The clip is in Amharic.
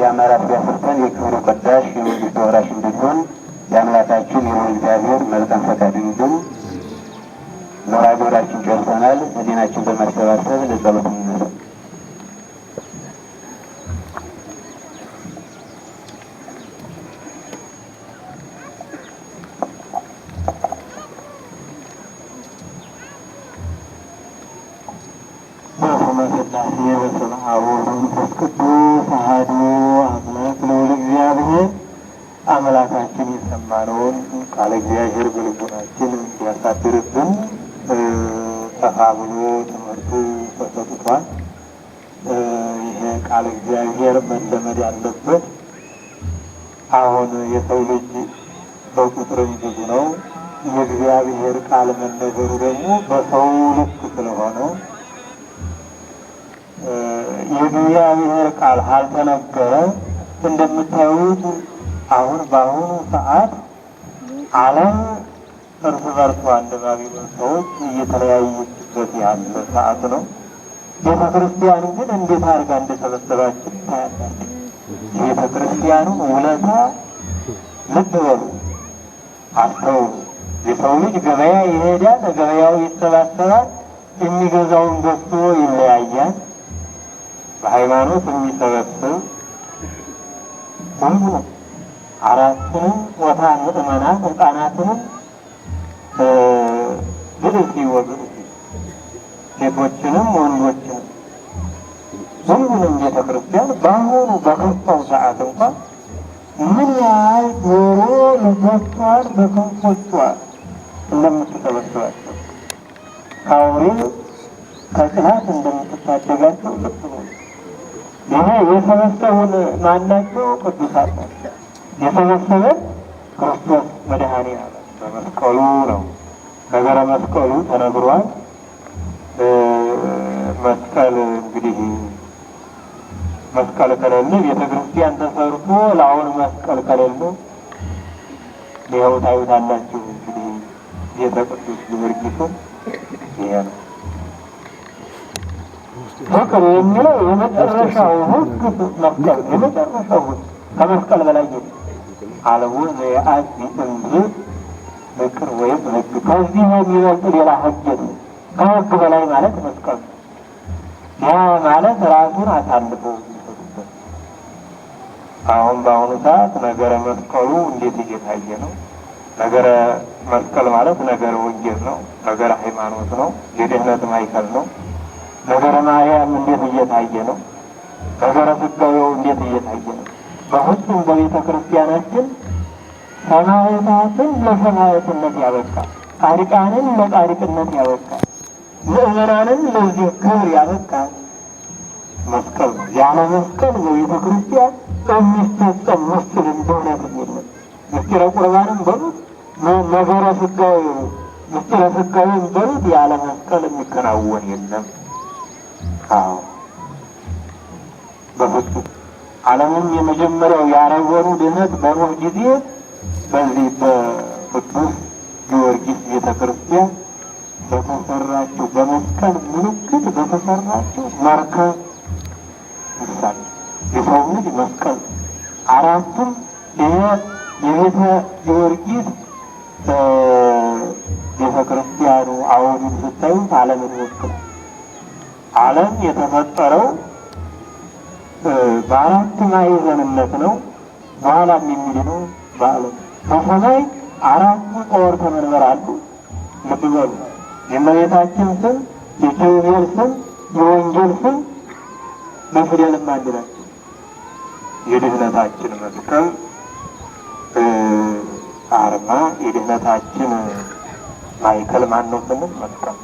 የአማራ ቢያስርተን የክብሩ ቅዳሽ የመንግስት ወራሽ እንድንሆን የአምላካችን የሆን እግዚአብሔር መልካም ፈቃድ ይሁን። መርሐ ጨርሰናል። ህሊናችን በማሰባሰብ ለጸሎት እንነሳ። በስመ አብ ወመንፈስ ቅዱስ አሐዱ አምላካችን የሰማነውን ቃለ እግዚአብሔር በልቡናችን እንዲያሳድርብን ሰፋ ብሎ ትምህርቱ ተሰጥቷል። ይሄ ቃለ እግዚአብሔር መለመድ ያለበት አሁን የሰው ልጅ በቁጥርም ብዙ ነው። የእግዚአብሔር ቃል መነገሩ ደግሞ በሰው ልክ ስለሆነ የእግዚአብሔር ቃል አልተነገረ እንደምታዩት አሁን በአሁኑ ሰዓት ዓለም እርስ በርሱ አንድ ሰዎች እየተለያዩበት ያለ ሰዓት ነው። ቤተ ክርስቲያኑ ግን እንዴት አድርጋ እንደሰበሰባችን ታያላችሁ። ቤተ ክርስቲያኑ ውለታ ልብ በሉ፣ አስተውሉ። የሰው ልጅ ገበያ ይሄዳል፣ ለገበያው ይሰባሰባል፣ የሚገዛውን ገዝቶ ይለያያል። በሃይማኖት የሚሰበስብ ሁሉ አራቱንም ቦታ ምዕመናን ሕፃናትንም ብድግ ይወግዱ፣ ሴቶችንም ወንዶችን ሁሉንም ቤተ ክርስቲያን በአሁኑ በከፋው ሰዓት እንኳን ምን ያህል ጆሮ ልጆቿን በክንፎቿ እንደምትሰበስባቸው ከአውሬ ከጭናት እንደምትታደጋቸው ልክ ነው። ይሄ የሰበሰቡን ማናቸው ቅዱሳት ናቸው። የሰበሰበ ክርስቶስ መድኃኔ ዓለም በመስቀሉ ነው። ነገረ መስቀሉ ተነግሯል። መስቀል እንግዲህ መስቀል ከሌለ ቤተ ክርስቲያን ተሰርቶ ለአሁን መስቀል ከሌለ ይኸው ታዩታላችሁ። እንግዲህ ቤተ ቅዱስ ጊዮርጊስን ይሄ ነው ፍቅር የሚለው የመጨረሻው ህግ መስቀል የመጨረሻው ሕግ ከመስቀል በላይ አልቦ ዘየአቲ እንጂ ምክር ወይም ህግ ከዚህ የሚበልጥ ሌላ ህግ የለም። ከህግ በላይ ማለት መስቀሉ ያ ማለት ራሱን አሳልፎ የሚሰጡበት። አሁን በአሁኑ ሰዓት ነገረ መስቀሉ እንዴት እየታየ ነው? ነገረ መስቀል ማለት ነገረ ወንጌል ነው። ነገረ ሃይማኖት ነው። የድህነት ማዕከል ነው። ነገረ ማርያም እንዴት እየታየ ነው? ነገረ ስጋዌው እንዴት እየታየ ነው? በሁሉም በቤተ ክርስቲያናችን ሰማዕታትን ለሰማዕትነት ያበቃ፣ ጻድቃንን ለጻድቅነት ያበቃ፣ ምዕመናንን ለዚህ ክብር ያበቃ መስቀል ነው። ያለ መስቀል በቤተ ክርስቲያን የሚፈጸም ምስል እንደሆነ ትኝነት ምስጢረ ቁርባንም በሉት ነገረ ስጋዊ ምስጢረ ስጋዊም በሉት ያለ መስቀል የሚከናወን የለም። አዎ ዓለምም የመጀመሪያው ያረወሩ ድነት በኖህ ጊዜ በዚህ በቅዱስ ጊዮርጊስ ቤተ ክርስቲያን በተሰራቸው በመስቀል ምልክት በተሰራቸው መርከብ ምሳሌ የሰው ልጅ መስቀል አራቱም ይህ የቤተ ጊዮርጊስ ቤተ ክርስቲያኑ አሁንም ስታዩት ዓለምን ወክል ዓለም የተፈጠረው በአራት ማዕዘንነት ነው። በኋላም የሚል ነው በአለም በሰማይ አራቱ ቀወርተ መንበር አሉ። ልብ በሉ የእመቤታችን ስም፣ የኪሩቤል ስም፣ የወንጌል ስም በፊደልም አንድ ናቸው። የድህነታችን መስቀል አርማ የድህነታችን ማይከል ማን ነው ስንል መስቀል